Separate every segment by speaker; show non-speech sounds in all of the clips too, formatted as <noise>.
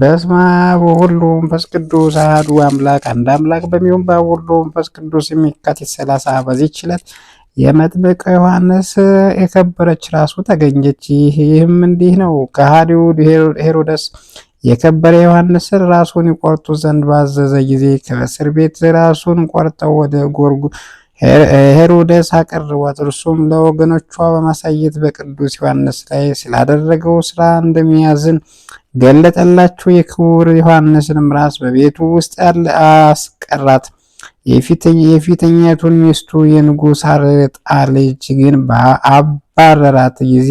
Speaker 1: በስመ አብ ወወልድ ወመንፈስ ቅዱስ አሐዱ አምላክ አንድ አምላክ በሚሆን በአብ ወልድ ወመንፈስ ቅዱስ የካቲት ሰላሳ በዚህች ዕለት የመጥምቀ ዮሐንስ የከበረች ራሱ ተገኘች። ይህም እንዲህ ነው። ከሃዲው ሄሮደስ የከበረ ዮሐንስን ራሱን ይቆርጡ ዘንድ ባዘዘ ጊዜ ከእስር ቤት ራሱን ቆርጠው ወደ ጎርጉ ሄሮደስ አቀርቧት። እርሱም ለወገኖቿ በማሳየት በቅዱስ ዮሐንስ ላይ ስላደረገው ስራ እንደሚያዝን ገለጠላቸው። የክቡር ዮሐንስንም ራስ በቤቱ ውስጥ ያለ አስቀራት። የፊተኛቱን ሚስቱ የንጉሥ አርጣ ልጅ ግን በአባረራት ጊዜ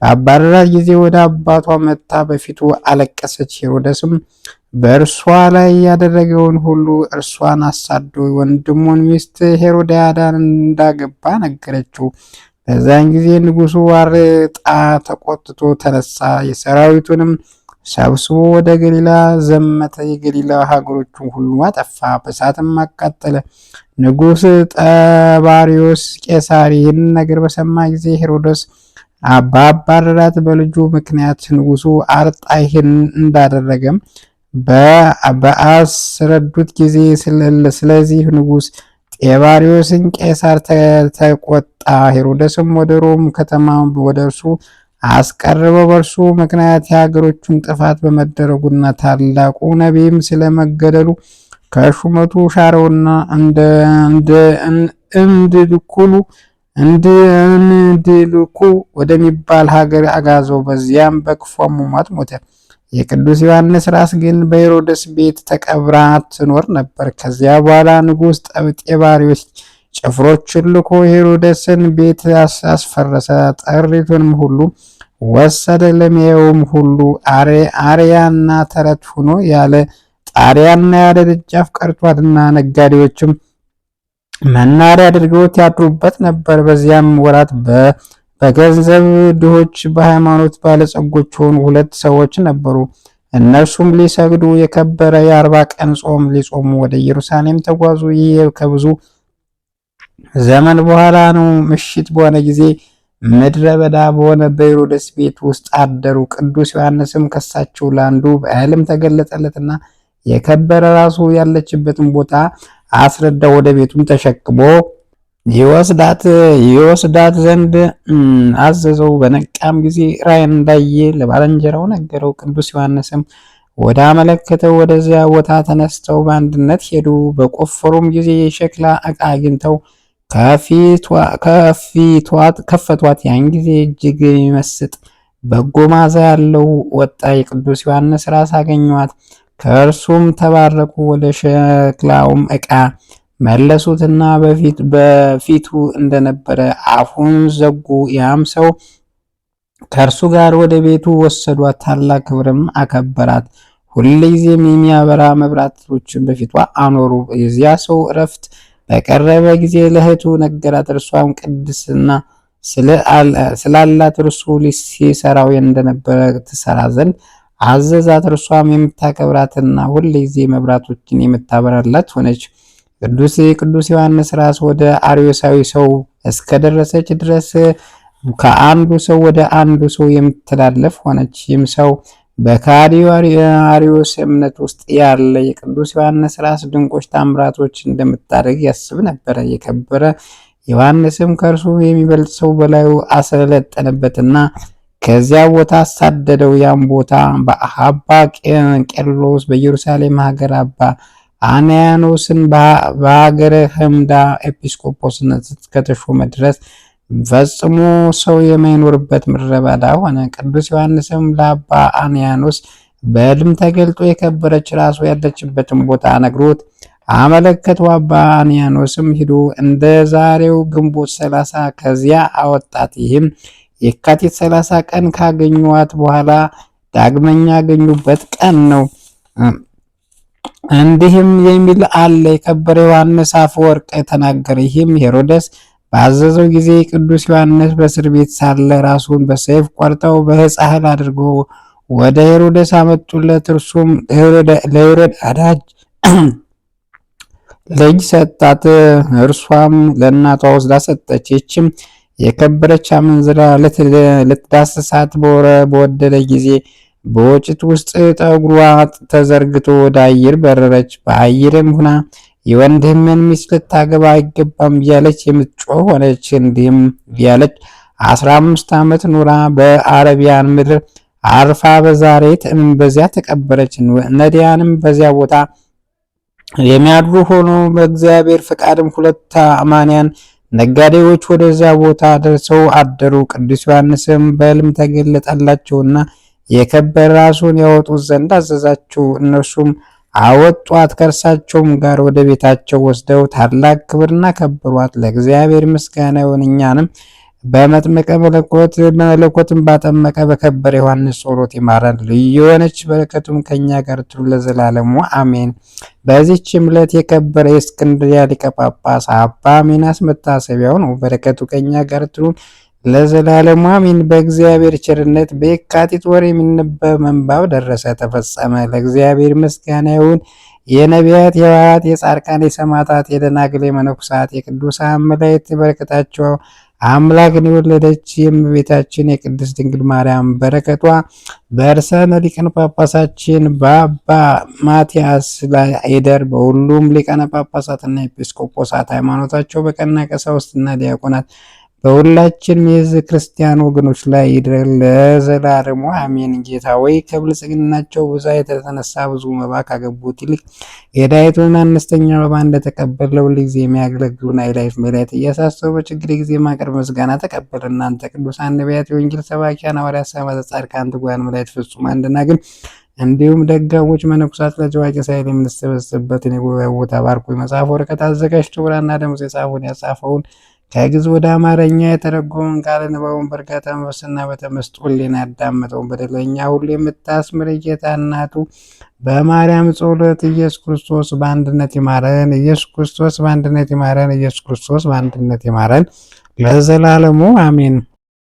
Speaker 1: በአባረራት ጊዜ ወደ አባቷ መጥታ በፊቱ አለቀሰች። ሄሮደስም በእርሷ ላይ ያደረገውን ሁሉ እርሷን አሳዶ ወንድሙን ሚስት ሄሮዳያዳን እንዳገባ ነገረችው። በዛን ጊዜ ንጉሱ ዋርጣ ተቆጥቶ ተነሳ። የሰራዊቱንም ሰብስቦ ወደ ገሊላ ዘመተ። የገሊላ ሀገሮቹን ሁሉ አጠፋ፣ በእሳትም አቃጠለ። ንጉሥ ጠባሪዎስ ቄሳር ይህን ነገር በሰማ ጊዜ ሄሮደስ አባባረራት። በልጁ ምክንያት ንጉሱ አርጣ ይህን እንዳደረገም በአስረዱት ጊዜ ስለዚህ ንጉስ ጤባሪዎስን ቄሳር ተቆጣ። ሄሮደስም ወደ ሮም ከተማ ወደ እርሱ አስቀርበው በእርሱ ምክንያት የሀገሮቹን ጥፋት በመደረጉና ታላቁ ነቢይም ስለመገደሉ ከሹመቱ ሻረውና እንድልኩሉ እንድልኩ ወደሚባል ሀገር አጋዘው። በዚያም በክፉ አሟሟት ሞተ። የቅዱስ ዮሐንስ ራስ ግን በሄሮደስ ቤት ተቀብራ ትኖር ነበር። ከዚያ በኋላ ንጉሥ ጠብጤባሪዎች ጭፍሮችን ልኮ ሄሮደስን ቤት አስፈረሰ። ጥሪቱንም ሁሉ ወሰደ። ለሚያየውም ሁሉ አርያና ተረት ሆኖ ያለ ጣሪያና ያለ ደጃፍ ቀርቷልና ነጋዴዎችም መናሪያ አድርገውት ያድሩበት ነበር። በዚያም ወራት በ በገንዘብ ድሆች በሃይማኖት ባለጸጎች ሆኑ ሁለት ሰዎች ነበሩ። እነርሱም ሊሰግዱ የከበረ የአርባ ቀን ጾም ሊጾሙ ወደ ኢየሩሳሌም ተጓዙ። ይህ ከብዙ ዘመን በኋላ ነው። ምሽት በሆነ ጊዜ ምድረ በዳ በሆነ በሄሮደስ ቤት ውስጥ አደሩ። ቅዱስ ዮሐንስም ከሳቸው ለአንዱ በሕልም ተገለጠለትና የከበረ ራሱ ያለችበትን ቦታ አስረዳ። ወደ ቤቱም ተሸክሞ ይወስዳት ይወስዳት ዘንድ አዘዘው። በነቃም ጊዜ ራእይን እንዳየ ለባልንጀራው ነገረው። ቅዱስ ዮሐንስም ወደ አመለከተው ወደዚያ ቦታ ተነስተው በአንድነት ሄዱ። በቆፈሩም ጊዜ የሸክላ ዕቃ አግኝተው ከፊቷት ከፈቷት። ያን ጊዜ እጅግ የሚመስጥ በጎ ማዛ ያለው ወጣ። የቅዱስ ዮሐንስ ራስ አገኟት። ከእርሱም ተባረኩ። ወደ ሸክላውም ዕቃ መለሱትና በፊት በፊቱ እንደነበረ አፉን ዘጉ። ያም ሰው ከእርሱ ጋር ወደ ቤቱ ወሰዷት፣ ታላቅ ክብርም አከበራት። ሁልጊዜም የሚያበራ መብራቶችን በፊቷ አኖሩ። የዚያ ሰው እረፍት በቀረበ ጊዜ ለእህቱ ነገራት። እርሷም ቅድስና ስላላት እርሱ ሲሰራው እንደነበረ ትሰራ ዘንድ አዘዛት። እርሷም የምታከብራትና ሁልጊዜ መብራቶችን የምታበራላት ሆነች። ቅዱስ ቅዱስ ዮሐንስ ራስ ወደ አርዮሳዊ ሰው እስከደረሰች ድረስ ከአንዱ ሰው ወደ አንዱ ሰው የምትተላለፍ ሆነች። ይህም ሰው በካዲዮ አርዮስ እምነት ውስጥ ያለ የቅዱስ ዮሐንስ ራስ ድንቆች ታምራቶች እንደምታደርግ ያስብ ነበረ። የከበረ ዮሐንስም ከእርሱ የሚበልጥ ሰው በላዩ አሰለጠነበትና ከዚያ ቦታ አሳደደው። ያም ቦታ በአባ ቄርሎስ በኢየሩሳሌም ሀገር አባ አናያኖስን በሀገረ ህምዳ ኤጲስቆጶስነት እስከተሾመ ድረስ ፈጽሞ ሰው የማይኖርበት ምድረ በዳ ሆነ። ቅዱስ ዮሐንስም ለአባ አናያኖስ በሕልም ተገልጦ የከበረች ራሱ ያለችበትን ቦታ ነግሮት አመለከተው። አባ አንያኖስም ሂዶ እንደ ዛሬው ግንቦት ሰላሳ ከዚያ አወጣት። ይህም የካቲት ሰላሳ ቀን ካገኟት በኋላ ዳግመኛ ያገኙበት ቀን ነው። እንዲህም የሚል አለ የከበረ ዮሐንስ አፈወርቅ ተናገረ። ይህም ሄሮደስ ባዘዘው ጊዜ ቅዱስ ዮሐንስ በእስር ቤት ሳለ ራሱን በሰይፍ ቆርጠው በሕፃን አድርጎ ወደ ሄሮደስ አመጡለት። እርሱም ለሄሮድ አዳጅ <clears throat> ልጅ ሰጣት። እርሷም ለእናቷ ወስዳ ሰጠች። ይችም የከበረች አመንዝራ ልትዳስሳት በወረ በወደደ ጊዜ በወጭት ውስጥ ጠጉሯ ተዘርግቶ ወደ አየር በረረች። በአየርም ሁና የወንድህምን ሚስት ልታገባ አይገባም እያለች የምትጮ ሆነች። እንዲህም እያለች አስራ አምስት ዓመት ኑራ በአረቢያን ምድር አርፋ በዛሬት በዚያ ተቀበረች። ነዲያንም በዚያ ቦታ የሚያድሩ ሆኖ በእግዚአብሔር ፈቃድም ሁለት አማንያን ነጋዴዎች ወደዚያ ቦታ ደርሰው አደሩ። ቅዱስ ዮሐንስም በሕልም ተገለጠላቸውና የከበረ ራሱን ያወጡት ዘንድ አዘዛቸው። እነርሱም አወጧት። ከእርሳቸውም ጋር ወደ ቤታቸው ወስደው ታላቅ ክብርና ከበሯት። ለእግዚአብሔር ምስጋና ይሁን። እኛንም በመጥመቀ መለኮት መለኮትን ባጠመቀ በከበረ ዮሐንስ ጸሎት ይማረን። ልዩ የሆነች በረከቱም ከኛ ጋር ትሉ ለዘላለሙ አሜን። በዚች ዕለት የከበረ የእስክንድሪያ ሊቀ ጳጳስ አባ ሚናስ መታሰቢያው ነው። በረከቱ ከኛ ጋር ትሉ ለዘላለሙ አሚን። በእግዚአብሔር ቸርነት በየካቲት ወር የሚነበብ ምንባብ ደረሰ፣ ተፈጸመ። ለእግዚአብሔር ምስጋና ይሁን። የነቢያት፣ የሐዋርያት፣ የጻድቃን፣ የሰማዕታት፣ የደናግል፣ የመነኩሳት የቅዱሳን መላእክት በረከታቸው አምላክን የወለደች የእመቤታችን የቅድስት ድንግል ማርያም በረከቷ በርሰነ ሊቀነ ጳጳሳችን በአባ ማትያስ ላይ አይደር። በሁሉም ሊቀነ ጳጳሳትና ኤጲስቆጶሳት ሃይማኖታቸው በቀና ቀሳውስትና ዲያቆናት በሁላችን የህዝብ ክርስቲያን ወገኖች ላይ ይድረግ ለዘላለሙ አሜን። ጌታ ወይ ከብልጽግናቸው ብዛ የተነሳ ብዙ መባ ካገቡት ይልቅ የዳይቱን አነስተኛ መባ እንደተቀበለው ጊዜ የሚያገለግሉን አይላይፍ መላይት እያሳሰቡ በችግር ጊዜ ማቅረብ ምስጋና ተቀበል። እናንተ ቅዱሳን ነቢያት፣ የወንጌል ሰባኪያን ሐዋርያት፣ ሰማዕታት፣ ጻድቃን፣ ትጉሃን መላእክት አንድና ግን እንዲሁም ደጋቦች መነኩሳት ለጀዋቂ ሳይል የምንሰበስብበትን የጉባኤ ቦታ ባርኩ። መጽሐፍ ወረቀት አዘጋጅቶ ብራና ደመወዝ የጻፈውን ያጻፈውን ከግዕዝ ወደ አማርኛ የተረጎመውን ቃለ ንባቡን በእርጋታ መንፈስና በተመስጦ ሕሊና ያዳመጠው በደለኛ ሁሉ የምታስምር የጌታ እናቱ በማርያም ጸሎት ኢየሱስ ክርስቶስ በአንድነት ይማረን፣ ኢየሱስ ክርስቶስ በአንድነት ይማረን፣ ኢየሱስ ክርስቶስ በአንድነት ይማረን ለዘላለሙ አሜን።